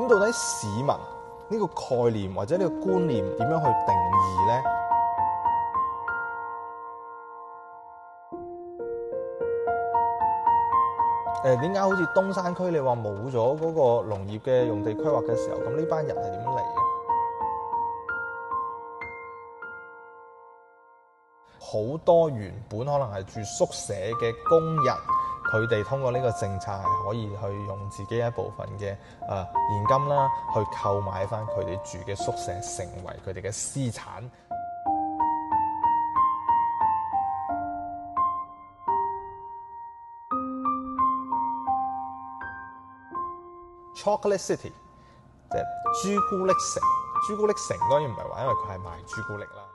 咁到底市民呢個概念或者呢個觀念點樣去定義呢？誒點解好似東山區你話冇咗嗰個農業嘅用地規劃嘅時候，咁呢班人係點嚟嘅？好多原本可能係住宿舍嘅工人。佢哋通過呢個政策係可以去用自己一部分嘅誒、呃、現金啦，去購買翻佢哋住嘅宿舍，成為佢哋嘅私產。 Chocolate City 即係朱古力城，朱古力城當然唔係話因為佢係賣朱古力啦。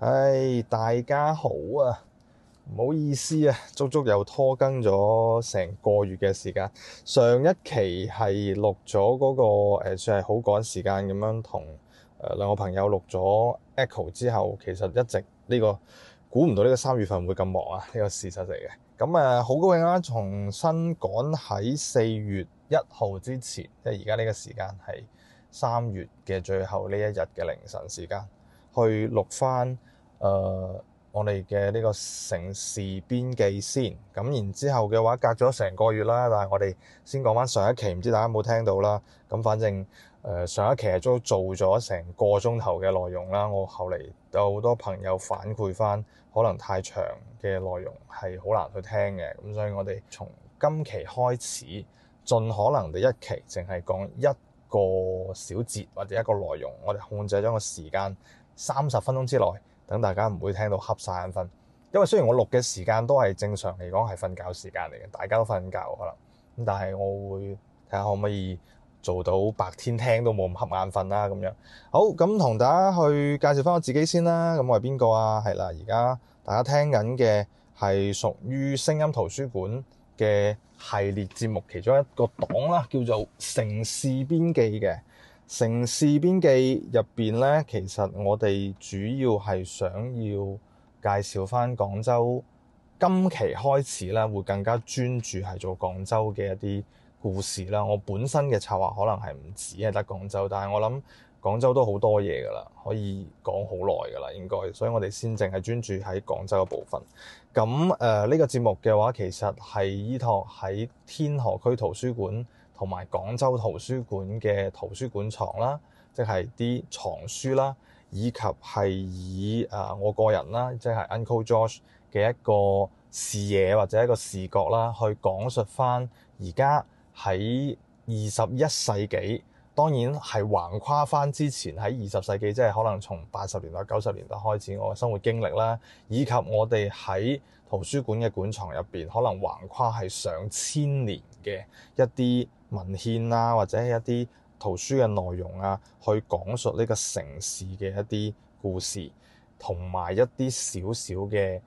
唉，大家好啊！唔好意思啊，足足又拖更咗成個月嘅時間。上一期係錄咗嗰個誒、呃，算係好趕時間咁樣同誒兩個朋友錄咗 Echo 之後，其實一直呢個估唔到呢個三月份會咁忙啊，呢個事實嚟嘅。咁、嗯、啊，好高興啊，重新趕喺四月一號之前，即係而家呢個時間係三月嘅最後呢一日嘅凌晨時間。去錄翻誒、呃、我哋嘅呢個城事邊記先。咁然之後嘅話，隔咗成個月啦，但係我哋先講翻上一期，唔知大家有冇聽到啦。咁反正誒、呃、上一期都做咗成個鐘頭嘅內容啦。我後嚟有好多朋友反饋翻，可能太長嘅內容係好難去聽嘅。咁所以我哋從今期開始，盡可能地一期淨係講一個小節或者一個內容，我哋控制咗個時間。三十分鐘之內，等大家唔會聽到瞌晒眼瞓。因為雖然我錄嘅時間都係正常嚟講係瞓覺時間嚟嘅，大家都瞓覺可能咁，但係我會睇下可唔可以做到白天聽都冇咁瞌眼瞓啦咁樣。好，咁同大家去介紹返我自己先啦。咁我係邊個啊？係啦，而家大家聽緊嘅係屬於聲音圖書館嘅系列節目其中一個檔啦，叫做城事邊記嘅。城事邊記入邊呢，其實我哋主要係想要介紹翻廣州。今期開始呢，會更加專注係做廣州嘅一啲故事啦。我本身嘅策劃可能係唔止係得廣州，但係我諗廣州都好多嘢㗎啦，可以講好耐㗎啦，應該。所以我哋先淨係專注喺廣州嘅部分。咁誒，呢、呃呢個節目嘅話，其實係依託喺天河區圖書館，同埋廣州圖書館嘅圖書館藏啦，即係啲藏書啦，以及係以誒、呃、我個人啦，即係 Uncle Josh 嘅一個視野或者一個視角啦，去講述翻而家喺二十一世紀，當然係橫跨翻之前喺二十世紀，即係可能從八十年代、九十年代開始我嘅生活經歷啦，以及我哋喺圖書館嘅館藏入邊，可能橫跨係上千年嘅一啲文獻啊，或者一啲圖書嘅內容啊，去講述呢個城市嘅一啲故事，同埋一啲少少嘅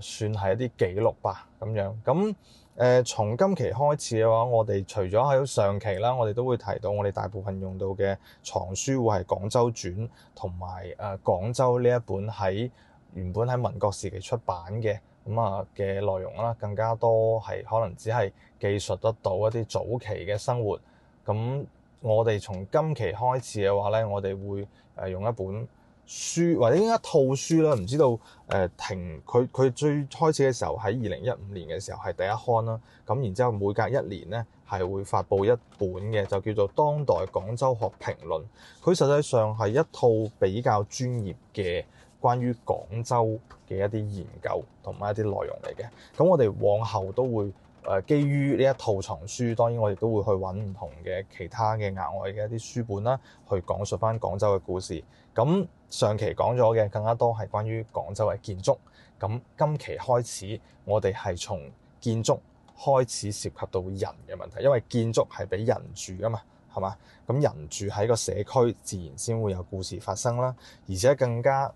誒，算係一啲記錄吧咁樣。咁誒、呃，從今期開始嘅話，我哋除咗喺上期啦，我哋都會提到我哋大部分用到嘅藏書會係、呃《廣州傳》同埋誒《廣州》呢一本喺原本喺民國時期出版嘅。咁啊嘅內容啦，更加多係可能只係記述得到一啲早期嘅生活。咁我哋從今期開始嘅話咧，我哋會誒用一本書或者一套書啦，唔知道誒、呃、停佢佢最開始嘅時候喺二零一五年嘅時候係第一刊啦。咁然之後每隔一年咧係會發布一本嘅，就叫做《當代廣州學評論》。佢實際上係一套比較專業嘅。關於廣州嘅一啲研究同埋一啲內容嚟嘅，咁我哋往後都會誒基於呢一套藏書，當然我哋都會去揾唔同嘅其他嘅額外嘅一啲書本啦，去講述翻廣州嘅故事。咁上期講咗嘅更加多係關於廣州嘅建築，咁今期開始我哋係從建築開始涉及到人嘅問題，因為建築係俾人住噶嘛，係嘛？咁人住喺個社區，自然先會有故事發生啦，而且更加。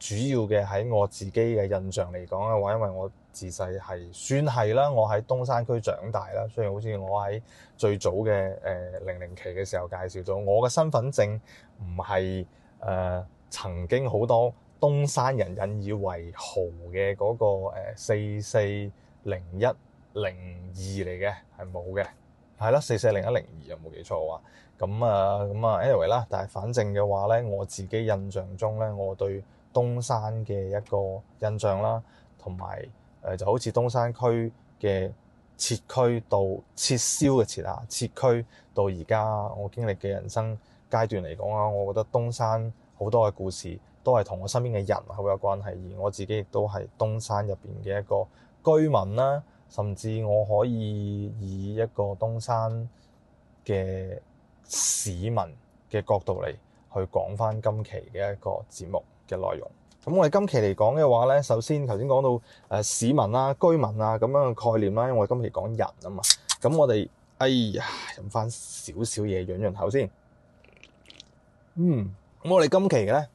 主要嘅喺我自己嘅印象嚟講嘅話，因為我自細係算係啦，我喺東山區長大啦。雖然好似我喺最早嘅誒、呃、零零期嘅時候介紹咗，我嘅身份證唔係誒曾經好多東山人引以為豪嘅嗰、那個誒四四零一零二嚟嘅，係冇嘅，係啦，四四零一零二又冇記錯啊，咁啊咁啊，anyway 啦。但係反正嘅話咧，我自己印象中咧，我對。東山嘅一個印象啦，同埋誒就好似東山區嘅撤區到撤銷嘅撤啊，撤區到而家我經歷嘅人生階段嚟講啊，我覺得東山好多嘅故事都係同我身邊嘅人好有關係，而我自己亦都係東山入邊嘅一個居民啦，甚至我可以以一個東山嘅市民嘅角度嚟去講返今期嘅一個節目嘅內容，咁我哋今期嚟講嘅話咧，首先頭先講到誒市民啦、啊、居民啊咁樣嘅概念啦，因為我哋今期講人啊嘛，咁我哋哎呀飲翻少少嘢潤潤口先，嗯，咁我哋今期嘅咧，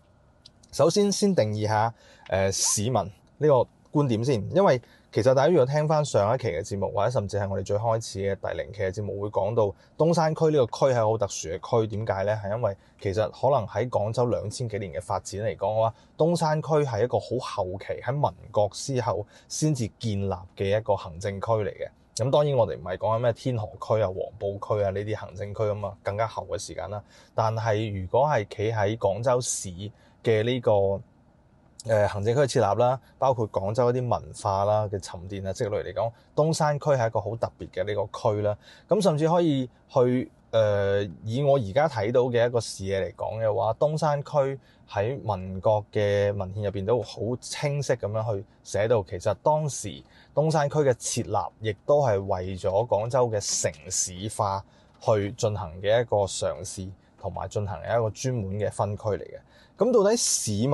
首先先定義下誒、呃、市民呢個觀點先，因為，其實大家如果聽翻上，上一期嘅節目，或者甚至係我哋最開始嘅第零期嘅節目，會講到東山區呢個區係好特殊嘅區，點解呢？係因為其實可能喺廣州兩千幾年嘅發展嚟講啦，東山區係一個好後期喺民國之後先至建立嘅一個行政區嚟嘅。咁當然我哋唔係講緊咩天河區啊、黃埔區啊呢啲行政區咁嘛，更加後嘅時間啦。但係如果係企喺廣州市嘅呢、這個。誒行政區嘅設立啦，包括廣州一啲文化啦嘅沉澱啊積累嚟講，東山區係一個好特別嘅呢個區啦。咁甚至可以去誒、呃，以我而家睇到嘅一個視野嚟講嘅話，東山區喺民國嘅文獻入邊都好清晰咁樣去寫到，其實當時東山區嘅設立，亦都係為咗廣州嘅城市化去進行嘅一個嘗試，同埋進行一個專門嘅分區嚟嘅。咁到底市民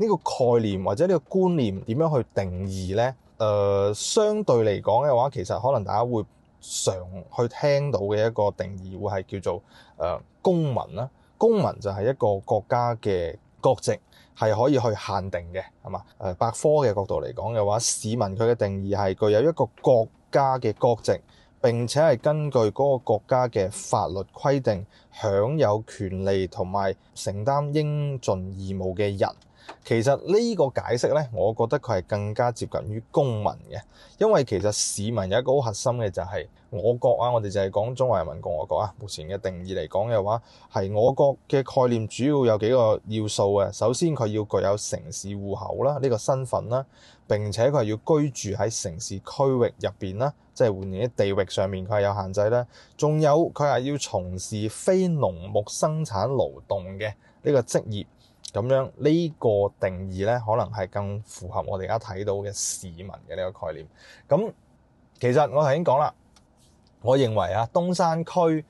呢個概念或者呢個觀念點樣去定義呢？誒、呃，相對嚟講嘅話，其實可能大家會常去聽到嘅一個定義會係叫做誒、呃、公民啦。公民就係一個國家嘅國籍係可以去限定嘅，係嘛？誒、呃、百科嘅角度嚟講嘅話，市民佢嘅定義係具有一個國家嘅國籍，並且係根據嗰個國家嘅法律規定享有權利同埋承擔應盡義務嘅人。其實呢個解釋呢，我覺得佢係更加接近於公民嘅，因為其實市民有一個好核心嘅就係我國啊，我哋就係講中華人民共和國啊。目前嘅定義嚟講嘅話，係我國嘅概念主要有幾個要素啊。首先佢要具有城市戶口啦，呢個身份啦，並且佢係要居住喺城市區域入邊啦，即係換言之，地域上面佢係有限制啦；仲有佢係要從事非農牧生產勞動嘅呢個職業。咁樣呢個定義咧，可能係更符合我哋而家睇到嘅市民嘅呢個概念。咁、嗯、其實我頭先講啦，我認為啊，東山區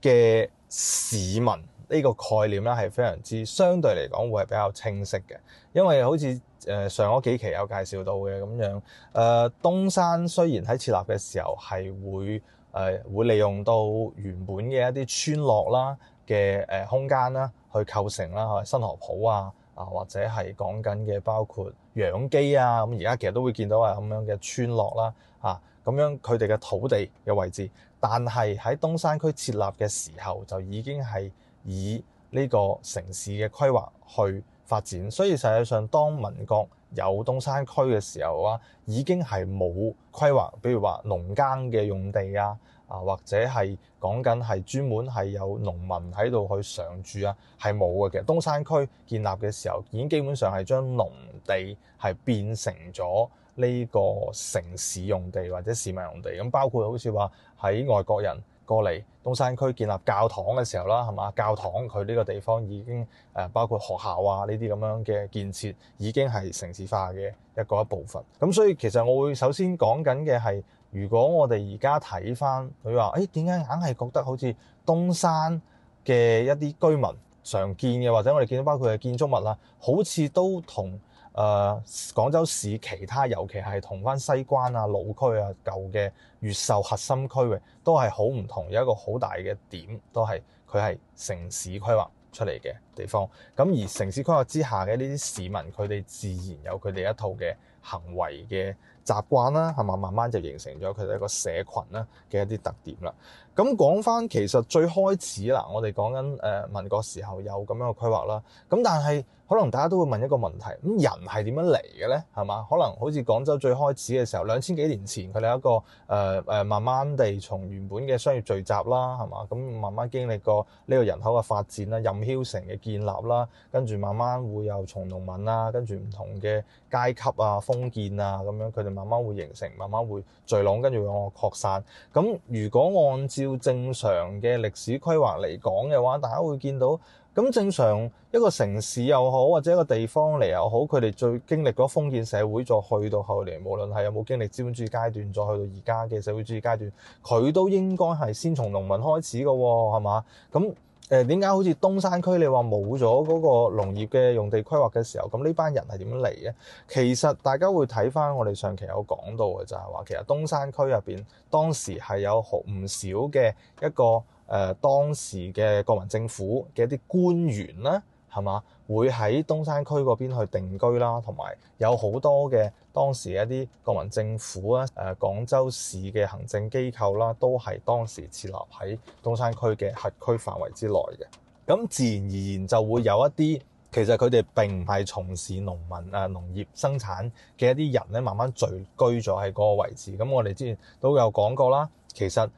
嘅市民呢個概念咧係非常之相對嚟講會係比較清晰嘅，因為好似誒、呃、上嗰幾期有介紹到嘅咁樣。誒、呃、東山雖然喺設立嘅時候係會誒、呃、會利用到原本嘅一啲村落啦嘅誒空間啦。去構成啦，新河浦啊，啊或者係講緊嘅包括楊箕啊，咁而家其實都會見到話咁樣嘅村落啦，啊咁樣佢哋嘅土地嘅位置，但係喺東山區設立嘅時候就已經係以呢個城市嘅規劃去發展，所以實際上當民國有東山區嘅時候啊，已經係冇規劃，比如話農耕嘅用地啊。啊，或者係講緊係專門係有農民喺度去常住啊，係冇嘅。其實東山區建立嘅時候，已經基本上係將農地係變成咗呢個城市用地或者市民用地。咁包括好似話喺外國人過嚟東山區建立教堂嘅時候啦，係嘛？教堂佢呢個地方已經誒，包括學校啊呢啲咁樣嘅建設已經係城市化嘅一個一部分。咁所以其實我會首先講緊嘅係。如果我哋而家睇翻佢話，誒點解硬係覺得好似東山嘅一啲居民常見嘅，或者我哋見到包括嘅建築物啦，好似都同誒、呃、廣州市其他，尤其係同翻西關啊、老區啊、舊嘅越秀核心區域都係好唔同，有一個好大嘅點，都係佢係城市規劃出嚟嘅地方。咁而城市規劃之下嘅呢啲市民，佢哋自然有佢哋一套嘅行為嘅。習慣啦，係嘛？慢慢就形成咗佢哋一個社群啦嘅一啲特點啦。咁講翻，其實最開始嗱，我哋講緊誒民國時候有咁樣嘅規劃啦。咁但係可能大家都會問一個問題：咁人係點樣嚟嘅咧？係嘛？可能好似廣州最開始嘅時候，兩千幾年前佢哋有一個誒誒、呃呃、慢慢地從原本嘅商業聚集啦，係嘛？咁慢慢經歷過呢個人口嘅發展啦，任囂城嘅建立啦，跟住慢慢會有從農民啦，跟住唔同嘅階級啊、封建啊咁樣佢哋。慢慢會形成，慢慢會聚攏，跟住往擴散。咁如果按照正常嘅歷史規劃嚟講嘅話，大家會見到咁正常一個城市又好，或者一個地方嚟又好，佢哋最經歷咗封建社會，再去到後嚟，無論係有冇經歷資本主義階段，再去到而家嘅社會主義階段，佢都應該係先從農民開始㗎，係嘛？咁誒點解好似東山區你話冇咗嗰個農業嘅用地規劃嘅時候，咁呢班人係點嚟嘅？其實大家會睇翻我哋上期有講到嘅，就係話其實東山區入邊當時係有好唔少嘅一個誒當時嘅國民政府嘅一啲官員啦。係嘛？會喺東山區嗰邊去定居啦，同埋有好多嘅當時一啲國民政府咧、誒、呃、廣州市嘅行政機構啦，都係當時設立喺東山區嘅轄區範圍之內嘅。咁自然而然就會有一啲其實佢哋並唔係從事農民誒農業生產嘅一啲人咧，慢慢聚居咗喺嗰個位置。咁我哋之前都有講過啦，其實。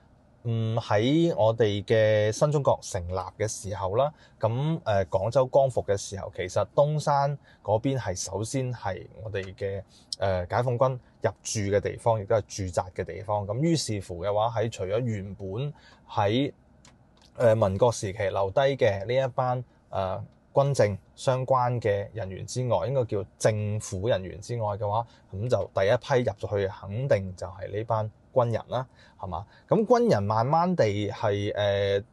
嗯，喺我哋嘅新中國成立嘅時候啦，咁誒、呃、廣州光復嘅時候，其實東山嗰邊係首先係我哋嘅誒解放軍入住嘅地方，亦都係住宅嘅地方。咁於是乎嘅話，喺除咗原本喺誒、呃、民國時期留低嘅呢一班誒、呃、軍政相關嘅人員之外，應該叫政府人員之外嘅話，咁就第一批入咗去，肯定就係呢班。軍人啦，係嘛？咁軍人慢慢地係誒、呃、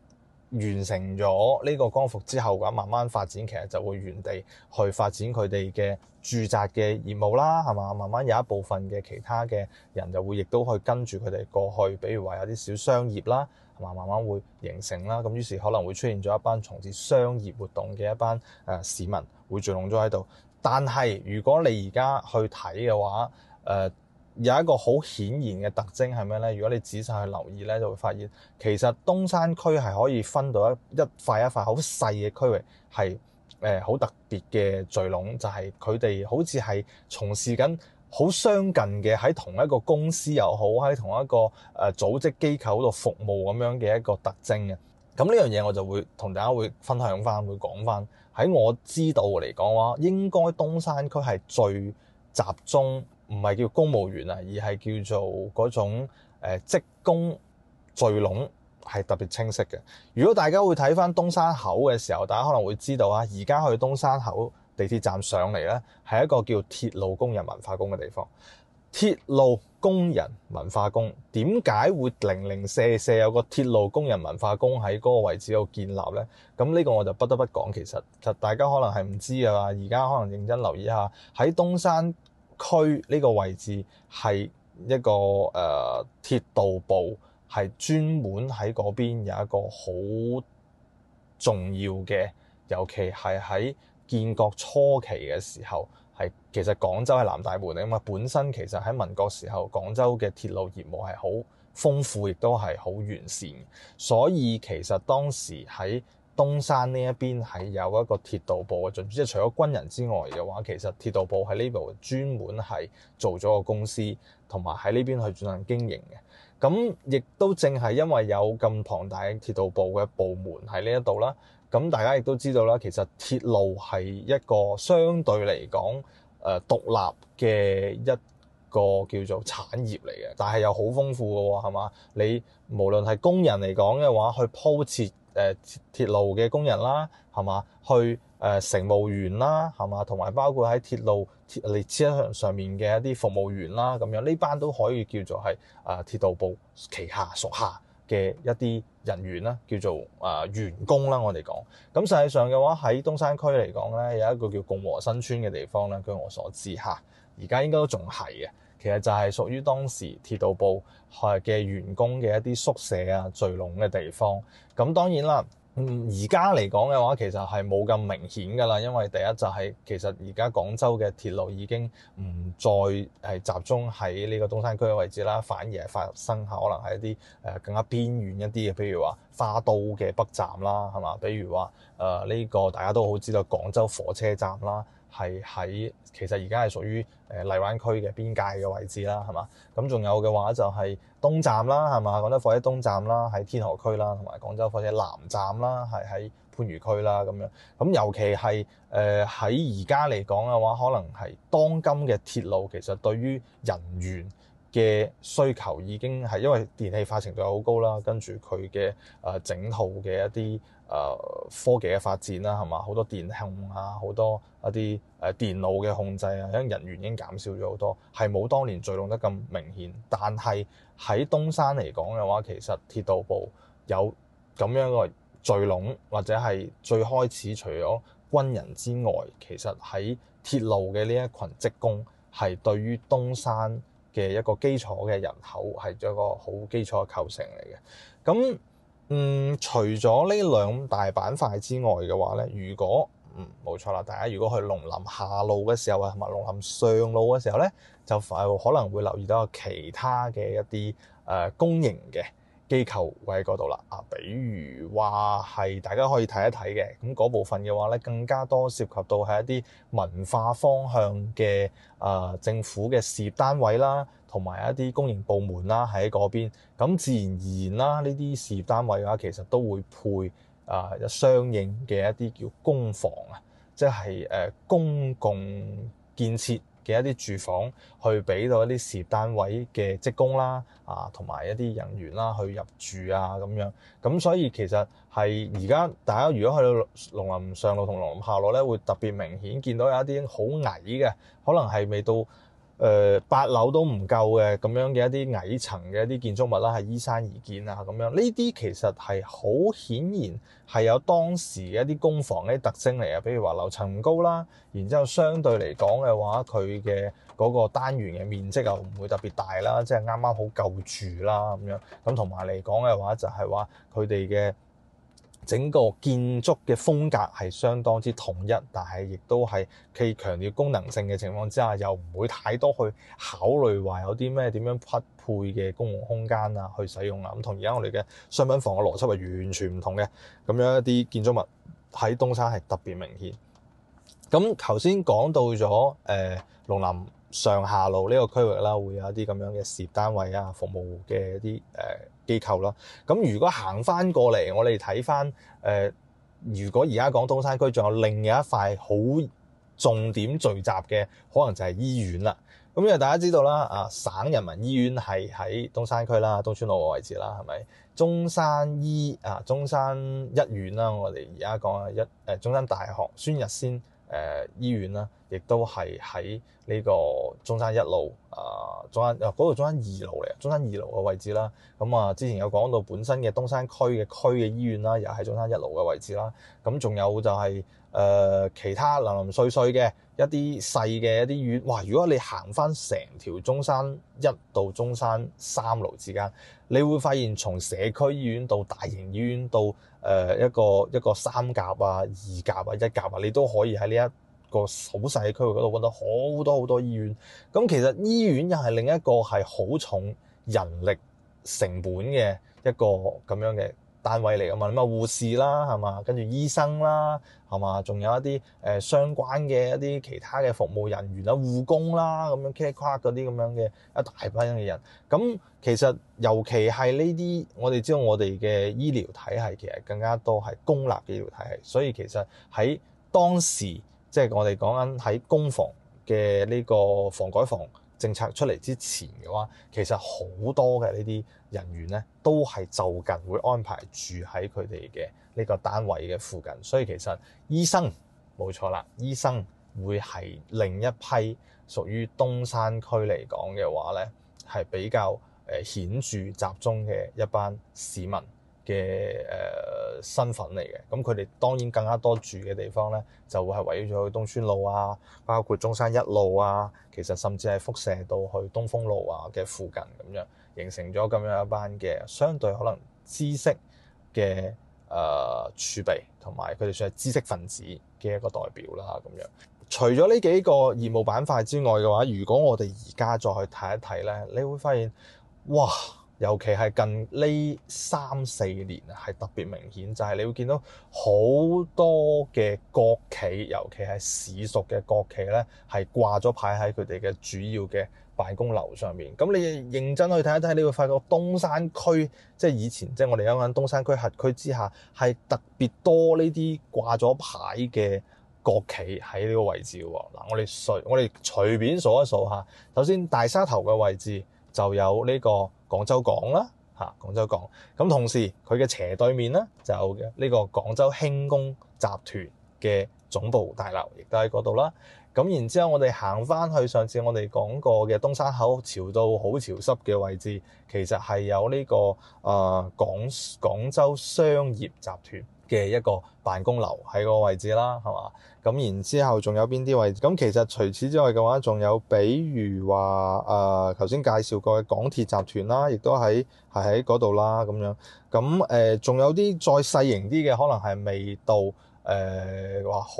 完成咗呢個光復之後嘅話，慢慢發展其實就會原地去發展佢哋嘅住宅嘅業務啦，係嘛？慢慢有一部分嘅其他嘅人就會亦都去跟住佢哋過去，比如話有啲小商業啦，係嘛？慢慢會形成啦。咁於是可能會出現咗一班從事商業活動嘅一班誒、呃、市民會聚攏咗喺度。但係如果你而家去睇嘅話，誒、呃。有一個好顯然嘅特徵係咩呢？如果你仔細去留意呢，就會發現其實東山區係可以分到一一塊一塊好細嘅區域，係誒好特別嘅聚攏，就係佢哋好似係從事緊好相近嘅喺同一個公司又好喺同一個誒組織機構度服務咁樣嘅一個特徵嘅。咁呢樣嘢我就會同大家會分享返，會講返。喺我知道嚟講話，應該東山區係最集中。唔係叫公務員啊，而係叫做嗰種誒、呃、職工聚攏，係特別清晰嘅。如果大家會睇翻東山口嘅時候，大家可能會知道啊。而家去東山口地鐵站上嚟呢，係一個叫鐵路工人文化宮嘅地方。鐵路工人文化宮點解會零零四四有個鐵路工人文化宮喺嗰個位置度建立呢？咁呢個我就不得不講，其實其實大家可能係唔知啊。而家可能認真留意一下喺東山區呢個位置係一個誒、呃、鐵道部，係專門喺嗰邊有一個好重要嘅，尤其係喺建國初期嘅時候係其實廣州係南大門嚟啊嘛。本身其實喺民國時候，廣州嘅鐵路業務係好豐富，亦都係好完善，所以其實當時喺東山呢一邊係有一個鐵道部嘅進駐，即係除咗軍人之外嘅話，其實鐵道部喺呢度專門係做咗個公司，同埋喺呢邊去進行經營嘅。咁亦都正係因為有咁龐大嘅鐵道部嘅部門喺呢一度啦。咁大家亦都知道啦，其實鐵路係一個相對嚟講誒獨立嘅一個叫做產業嚟嘅，但係又好豐富嘅喎、哦，係嘛？你無論係工人嚟講嘅話，去鋪設。誒，鐵路嘅工人啦，係嘛，去誒、呃、乘務員啦，係嘛，同埋包括喺鐵路鐵列車上上面嘅一啲服務員啦，咁樣呢班都可以叫做係啊，鐵道部旗下屬下嘅一啲人員啦，叫做啊、呃、員工啦。我哋講咁，實際上嘅話喺東山區嚟講咧，有一個叫共和新村嘅地方咧，據我所知吓，而家應該都仲係嘅。其實就係屬於當時鐵道部係嘅員工嘅一啲宿舍啊、聚龍嘅地方。咁當然啦，嗯，而家嚟講嘅話，其實係冇咁明顯㗎啦。因為第一就係，其實而家廣州嘅鐵路已經唔再係集中喺呢個東山區嘅位置啦，反而係發生可能係一啲誒更加邊遠一啲嘅，譬如話花都嘅北站啦，係嘛？比如話誒呢個大家都好知道廣州火車站啦。係喺其實而家係屬於誒荔灣區嘅邊界嘅位置啦，係嘛？咁仲有嘅話就係東站啦，係嘛？廣州火車東站啦，喺天河區啦，同埋廣州火車南站啦，係喺番禺區啦咁樣。咁尤其係誒喺而家嚟講嘅話，可能係當今嘅鐵路其實對於人員嘅需求已經係因為電氣化程度好高啦，跟住佢嘅誒整套嘅一啲。誒科技嘅發展啦，係嘛？好多電控啊，好多一啲誒電腦嘅控制啊，因人員已經減少咗好多，係冇當年聚攏得咁明顯。但係喺東山嚟講嘅話，其實鐵道部有咁樣嘅聚攏，或者係最開始除咗軍人之外，其實喺鐵路嘅呢一群職工，係對於東山嘅一個基礎嘅人口，係一個好基礎嘅構成嚟嘅。咁嗯，除咗呢兩大板塊之外嘅話咧，如果嗯冇錯啦，大家如果去農林下路嘅時候啊，同埋農林上路嘅時候咧，就就可能會留意到有其他嘅一啲誒公營嘅機構喺嗰度啦。啊，比如話係大家可以睇一睇嘅，咁嗰部分嘅話咧，更加多涉及到係一啲文化方向嘅誒政府嘅事業單位啦。同埋一啲公營部門啦，喺嗰邊，咁自然而然啦，呢啲事業單位嘅話，其實都會配啊有相應嘅一啲叫公房啊，即係誒公共建設嘅一啲住房，去俾到一啲事業單位嘅職工啦，啊，同埋一啲人員啦去入住啊咁樣。咁所以其實係而家大家如果去到農林上路同農林下路咧，會特別明顯見到有一啲好矮嘅，可能係未到，誒、呃、八樓都唔夠嘅咁樣嘅一啲矮層嘅一啲建築物啦，係依山而建啊咁樣，呢啲其實係好顯然係有當時一啲公房嘅特徵嚟啊，比如話樓層唔高啦，然之後相對嚟講嘅話，佢嘅嗰個單元嘅面積又唔會特別大啦，即係啱啱好夠住啦咁樣，咁同埋嚟講嘅話就係話佢哋嘅。整個建築嘅風格係相當之統一，但係亦都係佢強調功能性嘅情況之下，又唔會太多去考慮話有啲咩點樣匹配嘅公共空間啊去使用啊。咁同而家我哋嘅商品房嘅邏輯係完全唔同嘅。咁樣一啲建築物喺東山係特別明顯。咁頭先講到咗誒農林上下路個區呢個區域啦，會有一啲咁樣嘅事業單位啊、服務嘅一啲誒。呃機構啦，咁如果行翻過嚟，我哋睇翻誒，如果而家講東山區，仲有另一塊好重點聚集嘅，可能就係醫院啦。咁因為大家知道啦，啊，省人民醫院係喺東山區啦，東川路嘅位置啦，係咪？中山醫啊，中山一院啦，我哋而家講一誒，中山大學孫逸仙。誒醫院啦，亦都係喺呢個中山一路啊，中山啊嗰度中山二路嚟，中山二路嘅位置啦。咁啊，之前有講到本身嘅東山區嘅區嘅醫院啦，又、啊、喺中山一路嘅位置啦。咁、啊、仲有就係、是、誒、啊、其他零零碎碎嘅一啲細嘅一啲醫院。哇！如果你行翻成條中山一到中山三路之間，你會發現從社區醫院到大型醫院到。誒一個一個三甲啊、二甲啊、一甲啊，你都可以喺呢一個好細嘅區域嗰度搵到好多好多醫院。咁其實醫院又係另一個係好重人力成本嘅一個咁樣嘅單位嚟啊嘛，咁啊護士啦，係嘛，跟住醫生啦，係嘛，仲有一啲誒、呃、相關嘅一啲其他嘅服務人員啦，護工啦，咁樣 care 跨嗰啲咁樣嘅一大班嘅人。咁其實尤其係呢啲，我哋知道我哋嘅醫療體系其實更加多係公立醫療體系，所以其實喺當時即係、就是、我哋講緊喺公房嘅呢個房改房政策出嚟之前嘅話，其實好多嘅呢啲。人員咧都係就近會安排住喺佢哋嘅呢個單位嘅附近，所以其實醫生冇錯啦，醫生會係另一批屬於東山區嚟講嘅話咧，係比較誒顯著集中嘅一班市民嘅誒身份嚟嘅。咁佢哋當然更加多住嘅地方咧，就會係圍繞住去東川路啊，包括中山一路啊，其實甚至係輻射到去東風路啊嘅附近咁樣。形成咗咁樣一班嘅相對可能知識嘅誒、呃、儲備，同埋佢哋算係知識分子嘅一個代表啦。咁樣除咗呢幾個業務板塊之外嘅話，如果我哋而家再去睇一睇咧，你會發現哇！尤其係近呢三四年啊，係特別明顯，就係你會見到好多嘅國企，尤其係市屬嘅國企咧，係掛咗牌喺佢哋嘅主要嘅辦公樓上面。咁你認真去睇一睇，你會發覺東山區，即係以前即係、就是、我哋講緊東山區轄區之下，係特別多呢啲掛咗牌嘅國企喺呢個位置嘅。嗱，我哋隨我哋隨便數一數嚇，首先大沙頭嘅位置。就有呢個廣州港啦，嚇廣州港。咁同時佢嘅斜對面咧，就有呢個廣州輕工集團嘅總部大樓，亦都喺嗰度啦。咁然之後，我哋行翻去上次我哋講過嘅東山口潮到好潮濕嘅位置，其實係有呢、這個誒廣廣州商業集團嘅一個辦公樓喺個位置啦，係嘛？咁然之後仲有邊啲位置？咁其實除此之外嘅話，仲有比如話誒，頭、呃、先介紹過嘅港鐵集團啦，亦都喺係喺嗰度啦咁樣。咁誒仲有啲再細型啲嘅，可能係未到誒話好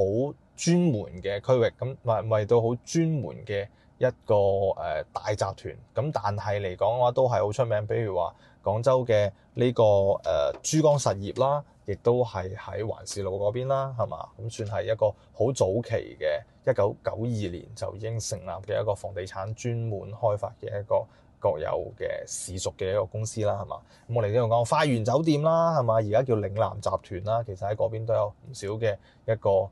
專門嘅區域，咁唔係未到好專門嘅一個誒、呃、大集團。咁但係嚟講嘅話，都係好出名，比如話廣州嘅呢、這個誒、呃、珠江實業啦。亦都係喺環市路嗰邊啦，係嘛？咁算係一個好早期嘅，一九九二年就已經成立嘅一個房地產專門開發嘅一個國有嘅市屬嘅一個公司啦，係嘛？咁我哋啱啱講花園酒店啦，係嘛？而家叫嶺南集團啦，其實喺嗰邊都有唔少嘅一個誒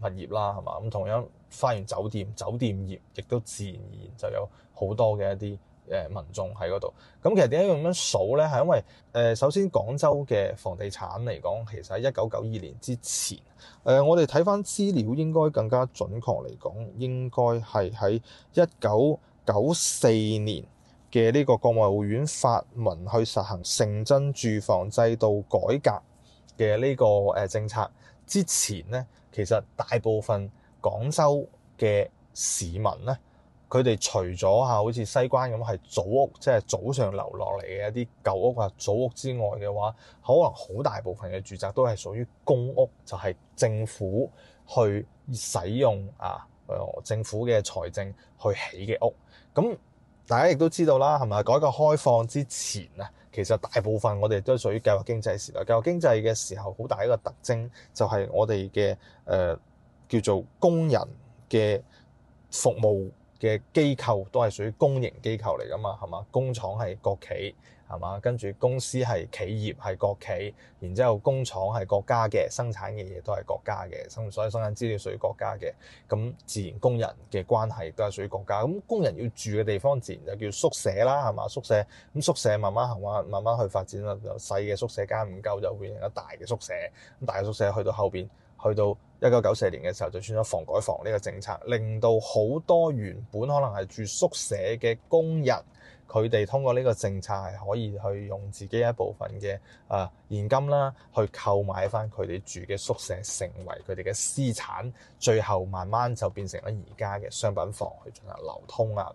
物業啦，係嘛？咁同樣花園酒店酒店業，亦都自然而然就有好多嘅一啲。誒民眾喺嗰度，咁其實點解要咁樣數呢？係因為誒、呃，首先廣州嘅房地產嚟講，其實喺一九九二年之前，誒、呃、我哋睇翻資料，應該更加準確嚟講，應該係喺一九九四年嘅呢個國務院發文去實行城鎮住房制度改革嘅呢個誒政策之前呢，其實大部分廣州嘅市民咧。佢哋除咗吓好似西關咁係祖屋，即係祖上留落嚟嘅一啲舊屋啊、祖屋之外嘅話，可能好大部分嘅住宅都係屬於公屋，就係、是、政府去使用啊，誒政府嘅財政去起嘅屋。咁大家亦都知道啦，係咪？改革開放之前啊，其實大部分我哋都係屬於計劃經濟時代。計劃經濟嘅時候，好大一個特徵就係我哋嘅誒叫做工人嘅服務。嘅機構都係屬於公營機構嚟噶嘛，係嘛？工廠係國企，係嘛？跟住公司係企業，係國企，然之後工廠係國家嘅生產嘅嘢都係國家嘅，咁所以生產資料屬於國家嘅，咁自然工人嘅關係都係屬於國家。咁工人要住嘅地方自然就叫宿舍啦，係嘛？宿舍咁宿舍慢慢行啊，慢慢去發展啦，細嘅宿舍間唔夠就變成咗大嘅宿舍，咁大嘅宿舍去到後邊。去到一九九四年嘅時候，就宣咗房改房呢個政策，令到好多原本可能係住宿舍嘅工人，佢哋通過呢個政策係可以去用自己一部分嘅啊、呃、現金啦，去購買翻佢哋住嘅宿舍，成為佢哋嘅私產，最後慢慢就變成咗而家嘅商品房去進行流通啊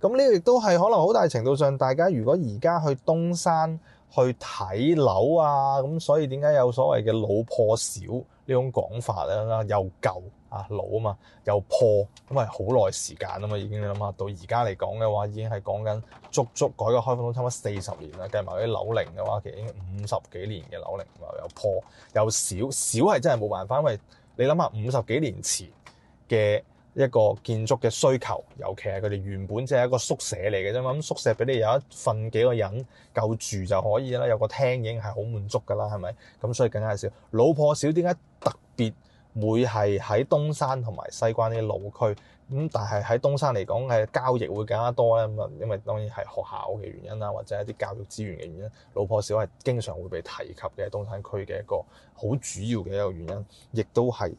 咁樣，咁呢個亦都係可能好大程度上，大家如果而家去東山去睇樓啊，咁所以點解有所謂嘅老破小。種呢種講法咧，又舊啊，老啊嘛，又破，因為好耐時間啊嘛已經，你諗下到而家嚟講嘅話，已經係講緊足足改革開放都差唔多四十年啦，計埋啲樓齡嘅話，其實已經五十幾年嘅樓齡，又破又少少係真係冇辦法，因為你諗下五十幾年前嘅。一個建築嘅需求，尤其係佢哋原本即係一個宿舍嚟嘅啫嘛。咁宿舍俾你有一瞓，幾個人夠住就可以啦，有個廳已經係好滿足㗎啦，係咪？咁所以更加少。老破小點解特別會係喺東山同埋西關啲老區？咁但係喺東山嚟講，係交易會更加多咧。咁啊，因為當然係學校嘅原因啦，或者一啲教育資源嘅原因，老破小係經常會被提及嘅東山區嘅一個好主要嘅一個原因，亦都係。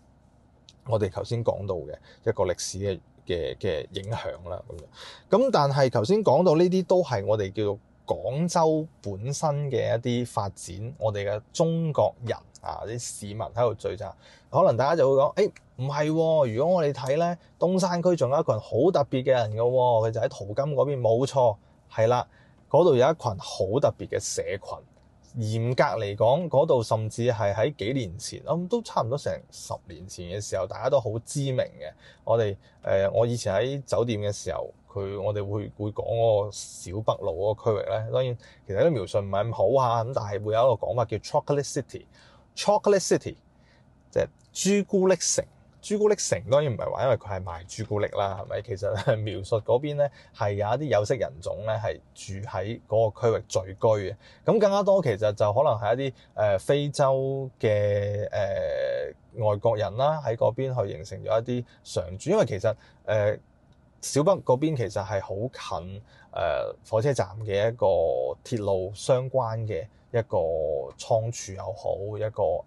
我哋頭先講到嘅一個歷史嘅嘅嘅影響啦，咁樣咁，但係頭先講到呢啲都係我哋叫做廣州本身嘅一啲發展，我哋嘅中國人啊，啲市民喺度聚集，可能大家就會講，誒，唔係喎，如果我哋睇咧，東山區仲有一群好特別嘅人㗎喎？佢就喺淘金嗰邊，冇錯，係啦，嗰度有一群好特別嘅社群。嚴格嚟講，嗰度甚至係喺幾年前，咁、嗯、都差唔多成十年前嘅時候，大家都好知名嘅。我哋誒、呃，我以前喺酒店嘅時候，佢我哋會會講嗰個小北路嗰個區域咧。當然，其實啲描述唔係咁好嚇，咁但係會有一個講法叫 Chocolate City，Chocolate City，即係朱古力城。朱古力城當然唔係話，因為佢係賣朱古力啦，係咪？其實描述嗰邊咧，係有一啲有色人種咧，係住喺嗰個區域聚居嘅。咁更加多其實就可能係一啲誒非洲嘅誒外國人啦，喺嗰邊去形成咗一啲常住。因為其實誒小北嗰邊其實係好近誒火車站嘅一個鐵路相關嘅一個倉儲又好，一個誒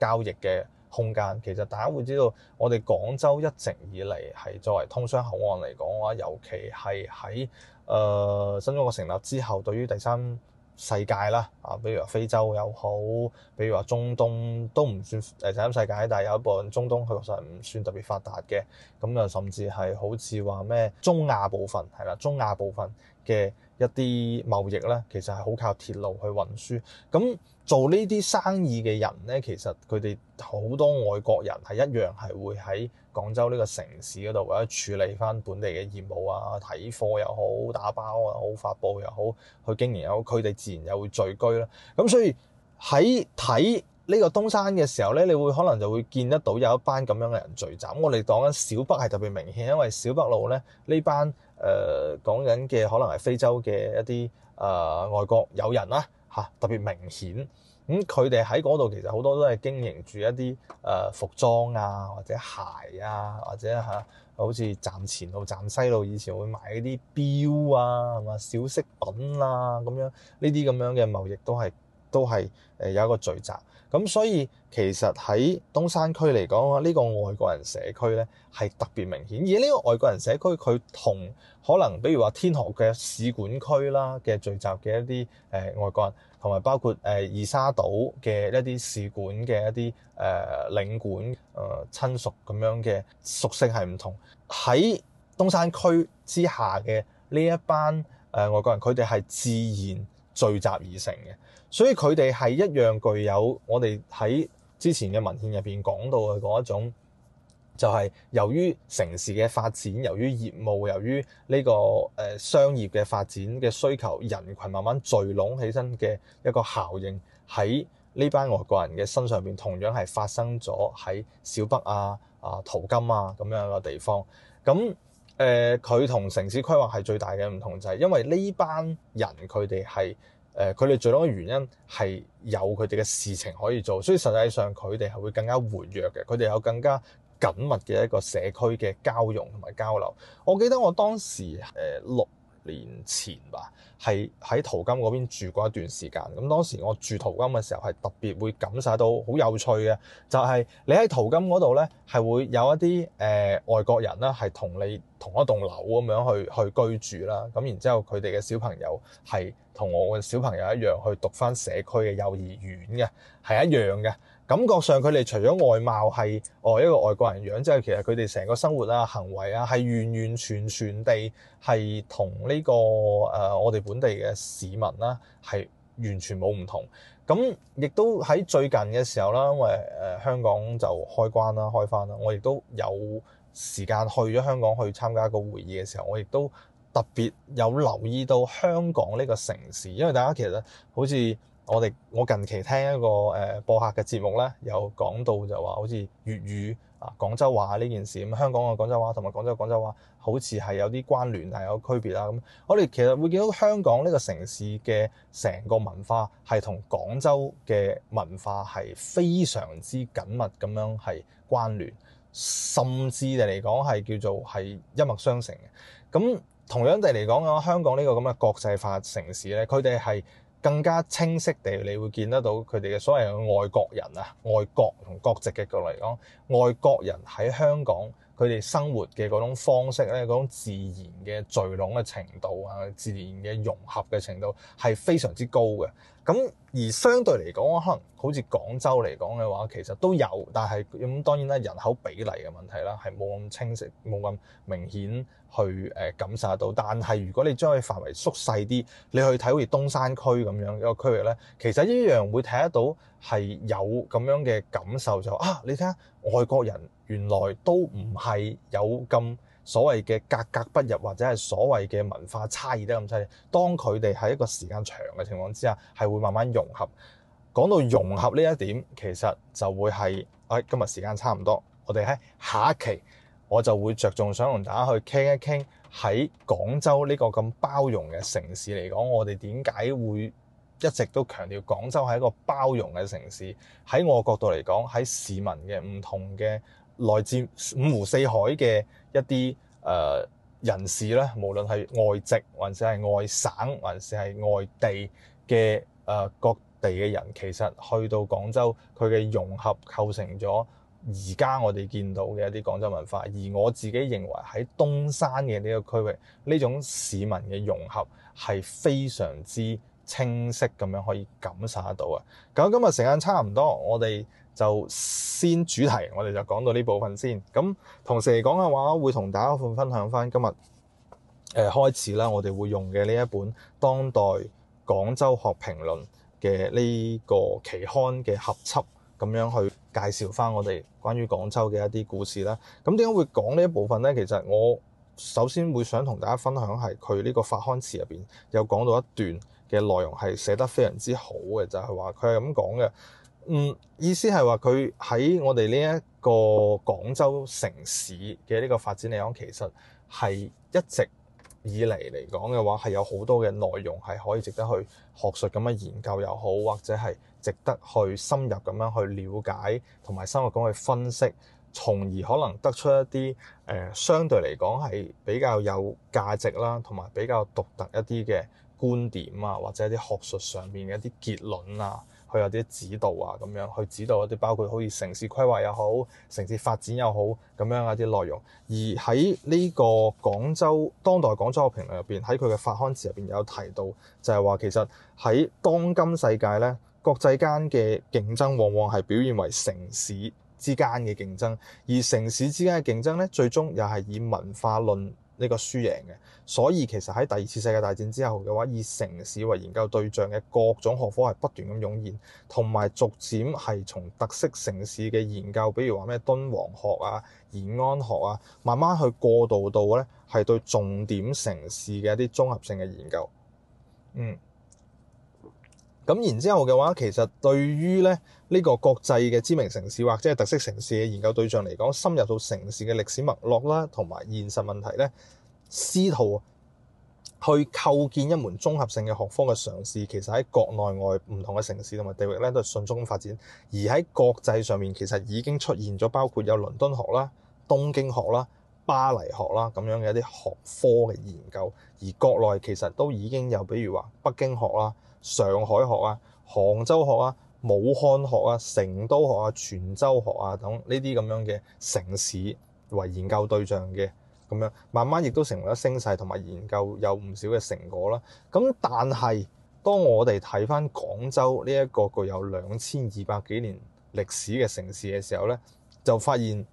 交易嘅空間其實大家會知道，我哋廣州一直以嚟係作為通商口岸嚟講嘅話，尤其係喺誒新中國成立之後，對於第三世界啦，啊，比如話非洲又好，比如話中東都唔算第三世界，但係有一部分中東確實唔算特別發達嘅，咁又甚至係好似話咩中亞部分係啦，中亞部分嘅一啲貿易咧，其實係好靠鐵路去運輸咁。做呢啲生意嘅人呢，其實佢哋好多外國人係一樣係會喺廣州呢個城市嗰度或者處理翻本地嘅業務啊，睇貨又好，打包又好，發布又好，去經營又好，佢哋自然又會聚居啦。咁所以喺睇呢個東山嘅時候呢，你會可能就會見得到有一班咁樣嘅人聚集。我哋講緊小北係特別明顯，因為小北路咧呢班誒、呃、講緊嘅可能係非洲嘅一啲誒、呃、外國友人啦。嚇特別明顯，咁佢哋喺嗰度其實好多都係經營住一啲誒服裝啊，或者鞋啊，或者嚇好似站前路、站西路以前會買嗰啲錶啊，係嘛，小飾品啊，咁樣，呢啲咁樣嘅貿易都係。都係誒有一個聚集咁，所以其實喺東山區嚟講，呢、呢個外國人社區呢係特別明顯。而呢個外國人社區佢同可能，比如話天河嘅使館區啦嘅聚集嘅一啲誒外國人，同埋包括誒二沙島嘅一啲使館嘅一啲誒領館誒親屬咁樣嘅屬性係唔同。喺東山區之下嘅呢一班誒外國人，佢哋係自然聚集而成嘅。所以佢哋係一樣具有我哋喺之前嘅文獻入邊講到嘅嗰一種，就係由於城市嘅發展、由於業務、由於呢個誒商業嘅發展嘅需求，人群慢慢聚攏起身嘅一個效應，喺呢班外國人嘅身上邊，同樣係發生咗喺小北啊、啊淘金啊咁樣嘅地方。咁誒，佢、呃、同城市規劃係最大嘅唔同就係，因為呢班人佢哋係。誒，佢哋最多嘅原因係有佢哋嘅事情可以做，所以實際上佢哋係會更加活躍嘅，佢哋有更加緊密嘅一個社區嘅交融同埋交流。我記得我當時誒六、呃年前吧，係喺淘金嗰邊住過一段時間。咁當時我住淘金嘅時候，係特別會感受到好有趣嘅，就係、是、你喺淘金嗰度呢，係會有一啲誒、呃、外國人啦，係同你同一棟樓咁樣去去居住啦。咁然之後佢哋嘅小朋友係同我嘅小朋友一樣去讀返社區嘅幼兒園嘅，係一樣嘅。感覺上佢哋除咗外貌係哦一個外國人樣之外，其實佢哋成個生活啊、行為啊，係完完全全全地係同呢個誒、呃、我哋本地嘅市民啦、啊、係完全冇唔同。咁亦都喺最近嘅時候啦，因為誒香港就開關啦、開返啦，我亦都有時間去咗香港去參加一個會議嘅時候，我亦都特別有留意到香港呢個城市，因為大家其實好似。我哋我近期聽一個誒播客嘅節目咧，有講到就話好似粵語啊、廣州話呢件事咁，香港嘅廣州話同埋廣州嘅廣州話好似係有啲關聯係，有區別啦咁。我哋其實會見到香港呢個城市嘅成個文化係同廣州嘅文化係非常之緊密咁樣係關聯，甚至地嚟講係叫做係一脈相承嘅。咁同樣地嚟講嘅話，香港呢個咁嘅國際化城市咧，佢哋係。更加清晰地，你會見得到佢哋嘅所謂嘅外國人啊，外國同國籍嘅角度嚟講，外國人喺香港。佢哋生活嘅嗰種方式咧，嗰種自然嘅聚攏嘅程度啊，自然嘅融合嘅程度係非常之高嘅。咁而相對嚟講，可能好似廣州嚟講嘅話，其實都有，但係咁當然啦，人口比例嘅問題啦，係冇咁清晰，冇咁明顯去誒感受得到。但係如果你將佢範圍縮細啲，你去睇好似東山區咁樣一個區域咧，其實一樣會睇得到係有咁樣嘅感受就啊，你睇下外國人。原來都唔係有咁所謂嘅格格不入，或者係所謂嘅文化差異得咁犀利。當佢哋喺一個時間長嘅情況之下，係會慢慢融合。講到融合呢一點，其實就會係誒、哎、今日時間差唔多，我哋喺下一期我就會着重想同大家去傾一傾。喺廣州呢個咁包容嘅城市嚟講，我哋點解會一直都強調廣州係一個包容嘅城市？喺我角度嚟講，喺市民嘅唔同嘅。來自五湖四海嘅一啲誒、呃、人士咧，無論係外籍，還是係外省，還是係外地嘅誒、呃、各地嘅人，其實去到廣州，佢嘅融合構成咗而家我哋見到嘅一啲廣州文化。而我自己認為喺東山嘅呢個區域，呢種市民嘅融合係非常之清晰咁樣可以感受得到啊！咁今日時間差唔多，我哋。就先主題，我哋就講到呢部分先。咁同時嚟講嘅話，會同大家一併分享翻今日誒、呃、開始啦。我哋會用嘅呢一本《當代廣州學評論》嘅呢個期刊嘅合輯，咁樣去介紹翻我哋關於廣州嘅一啲故事啦。咁點解會講呢一部分呢？其實我首先會想同大家分享係佢呢個發刊詞入邊有講到一段嘅內容係寫得非常之好嘅，就係話佢係咁講嘅。嗯，意思係話佢喺我哋呢一個廣州城市嘅呢個發展嚟講，其實係一直以嚟嚟講嘅話，係有好多嘅內容係可以值得去學術咁樣研究又好，或者係值得去深入咁樣去了解同埋深入咁去分析，從而可能得出一啲誒、呃、相對嚟講係比較有價值啦，同埋比較獨特一啲嘅觀點啊，或者一啲學術上面嘅一啲結論啊。佢有啲指導啊，咁樣去指導一啲包括好似城市規劃又好、城市發展又好咁樣一啲內容。而喺呢個廣州當代廣州嘅評論入邊，喺佢嘅發刊詞入邊有提到，就係話其實喺當今世界咧，國際間嘅競爭往往係表現為城市之間嘅競爭，而城市之間嘅競爭咧，最終又係以文化論。呢個輸贏嘅，所以其實喺第二次世界大戰之後嘅話，以城市為研究對象嘅各種學科係不斷咁湧現，同埋逐漸係從特色城市嘅研究，比如話咩敦煌學啊、延安學啊，慢慢去過渡到呢係對重點城市嘅一啲綜合性嘅研究，嗯。咁然之後嘅話，其實對於咧呢個國際嘅知名城市或者係特色城市嘅研究對象嚟講，深入到城市嘅歷史脈絡啦，同埋現實問題咧，試圖去構建一門綜合性嘅學科嘅嘗試。其實喺國內外唔同嘅城市同埋地域咧，都係迅速咁發展。而喺國際上面，其實已經出現咗，包括有倫敦學啦、東京學啦、巴黎學啦咁樣嘅一啲學科嘅研究。而國內其實都已經有，比如話北京學啦。上海學啊、杭州學啊、武漢學啊、成都學啊、泉州學啊等呢啲咁樣嘅城市為研究對象嘅咁樣，慢慢亦都成為咗聲勢，同埋研究有唔少嘅成果啦。咁但係當我哋睇翻廣州呢一個具有兩千二百幾年歷史嘅城市嘅時候呢，就發現，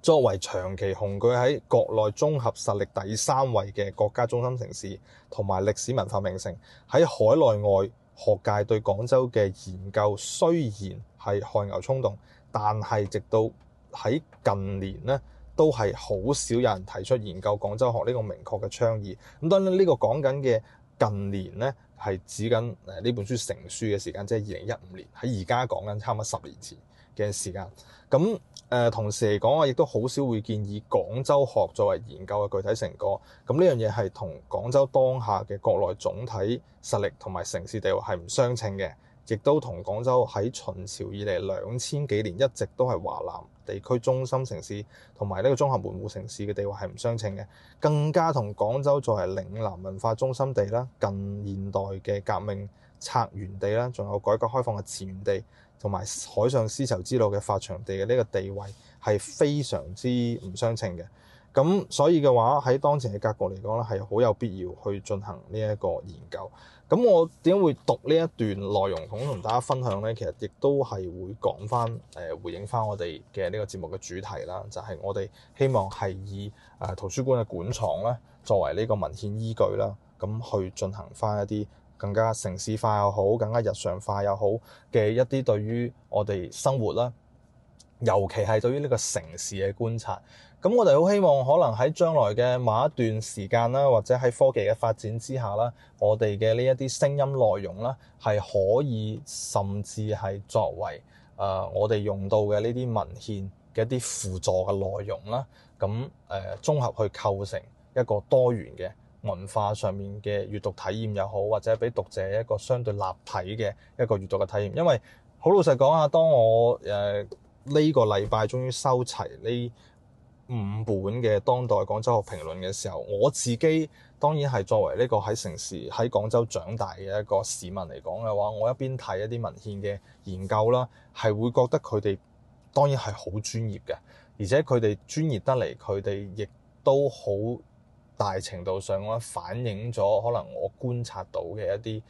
作為長期雄踞喺國內綜合實力第三位嘅國家中心城市同埋歷史文化名城，喺海內外學界對廣州嘅研究雖然係汗牛充棟，但係直到喺近年呢，都係好少有人提出研究廣州學呢個明確嘅倡議。咁當然呢個講緊嘅近年呢，係指緊誒呢本書成書嘅時間，即係二零一五年。喺而家講緊差唔多十年前嘅時間咁誒，呃，同時嚟講我亦都好少會建議廣州學作為研究嘅具體成果。咁呢樣嘢係同廣州當下嘅國內總體實力同埋城市地位係唔相稱嘅，亦都同廣州喺秦朝以嚟兩千幾年一直都係華南地區中心城市同埋呢個綜合門戶城市嘅地位係唔相稱嘅，更加同廣州作為嶺南文化中心地啦、近現代嘅革命策源地啦，仲有改革開放嘅前源地，同埋海上絲綢之路嘅發祥地嘅呢個地位係非常之唔相稱嘅，咁所以嘅話喺當前嘅格局嚟講咧，係好有必要去進行呢一個研究。咁我點解會讀呢一段內容，想同大家分享咧？其實亦都係會講翻誒，回應翻我哋嘅呢個節目嘅主題啦，就係、是、我哋希望係以誒圖書館嘅館藏咧作為呢個文獻依據啦，咁去進行翻一啲。更加城市化又好，更加日常化又好嘅一啲對於我哋生活啦，尤其係對於呢個城市嘅觀察。咁我哋好希望，可能喺將來嘅某一段時間啦，或者喺科技嘅發展之下啦，我哋嘅呢一啲聲音內容啦，係可以甚至係作為誒我哋用到嘅呢啲文獻嘅一啲輔助嘅內容啦。咁誒綜合去構成一個多元嘅。文化上面嘅閱讀體驗又好，或者俾讀者一個相對立體嘅一個閱讀嘅體驗，因為好老實講啊，當我誒呢個禮拜終於收齊呢五本嘅當代廣州學評論嘅時候，我自己當然係作為呢個喺城市喺廣州長大嘅一個市民嚟講嘅話，我一邊睇一啲文獻嘅研究啦，係會覺得佢哋當然係好專業嘅，而且佢哋專業得嚟，佢哋亦都好。大程度上咧，反映咗可能我觀察到嘅一啲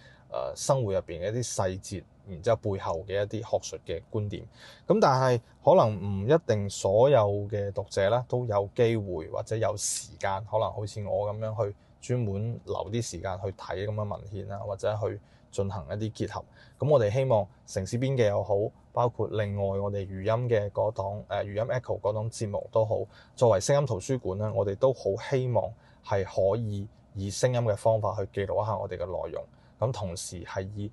誒生活入邊嘅一啲細節，然之後背後嘅一啲學術嘅觀點。咁但係可能唔一定所有嘅讀者咧都有機會或者有時間可能好似我咁樣去專門留啲時間去睇咁嘅文獻啊，或者去進行一啲結合。咁我哋希望城事邊記又好，包括另外我哋餘音嘅嗰檔誒餘音 Echo 嗰檔節目都好，作為聲音圖書館咧，我哋都好希望。係可以以聲音嘅方法去記錄一下我哋嘅內容，咁同時係以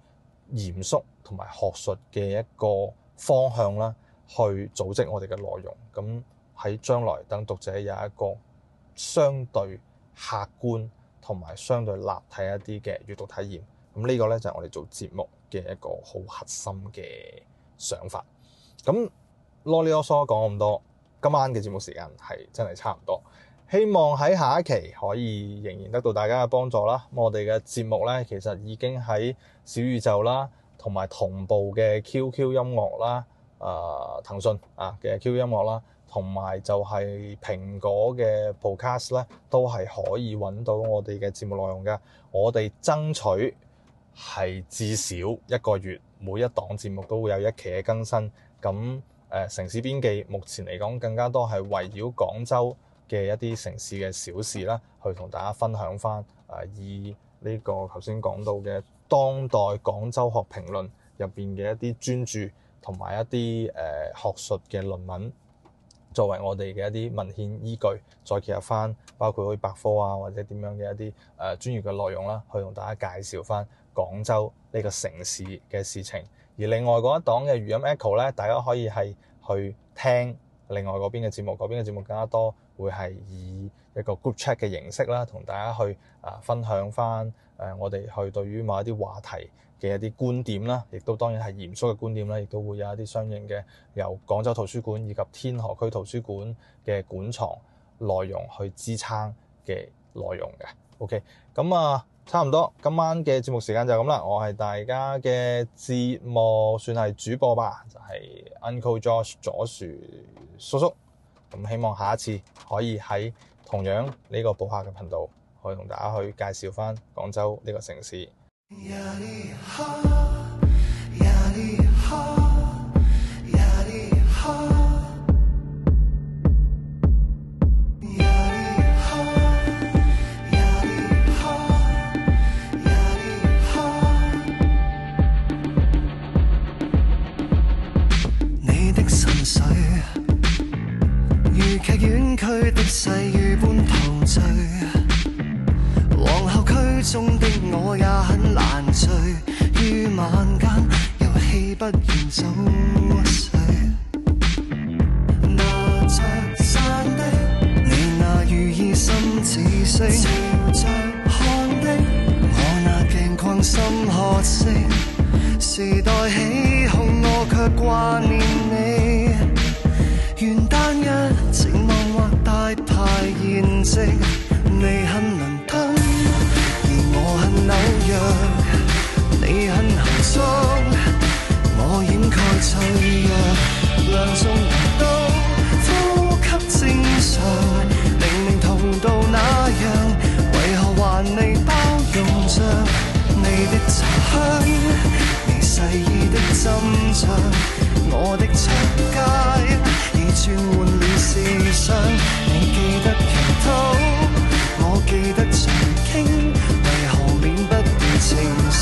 嚴肅同埋學術嘅一個方向啦，去組織我哋嘅內容。咁喺將來等讀者有一個相對客觀同埋相對立體一啲嘅閱讀體驗。咁呢個呢，就係我哋做節目嘅一個好核心嘅想法。咁囉哩囉嗦講咁多，今晚嘅節目時間係真係差唔多。希望喺下一期可以仍然得到大家嘅幫助啦。咁我哋嘅節目咧，其實已經喺小宇宙啦，同埋同步嘅 QQ 音樂啦，誒、呃、騰訊啊嘅 QQ 音樂啦，同埋就係蘋果嘅 Podcast 咧，都係可以搵到我哋嘅節目內容嘅。我哋爭取係至少一個月每一檔節目都會有一期嘅更新。咁誒、呃、城事邊記目前嚟講更加多係圍繞廣州。嘅一啲城市嘅小事啦，去同大家分享翻。誒、呃、以呢個頭先講到嘅《當代廣州學評論》入邊嘅一啲專注同埋一啲誒、呃、學術嘅論文作為我哋嘅一啲文獻依據，再結合翻包括去百科啊或者點樣嘅一啲誒、呃、專業嘅內容啦，去同大家介紹翻廣州呢個城市嘅事情。而另外嗰一檔嘅餘音 Echo 咧，大家可以係去聽另外嗰邊嘅節目，嗰邊嘅節目更加多。會係以一個 group chat 嘅形式啦，同大家去啊，分享翻誒，我哋去對於某一啲話題嘅一啲觀點啦，亦都當然係嚴肅嘅觀點啦，亦都會有一啲相應嘅由廣州圖書館以及天河區圖書館嘅館藏內容去支撐嘅內容嘅。OK，咁啊差唔多今晚嘅節目時間就咁啦。我係大家嘅節目算係主播吧，就係、是、Uncle Josh 左薯叔叔。素素咁希望下一次可以喺同樣呢個播客嘅頻道，可以同大家去介紹返廣州呢個城市。 世雨般陶醉，皇后區中的我也很難醉。於晚間遊戲不願早睡。拿着傘的你那如意心似水，笑着看的我那鏡框心可惜。時代起哄我却掛念。你。你很倫敦而我很紐約，你很含蓄，我掩蓋脆弱。兩種人都呼吸正常，明明同到那樣，為何還未包容着你的茶香，你細意的斟酌，我的出街已轉換了時尚。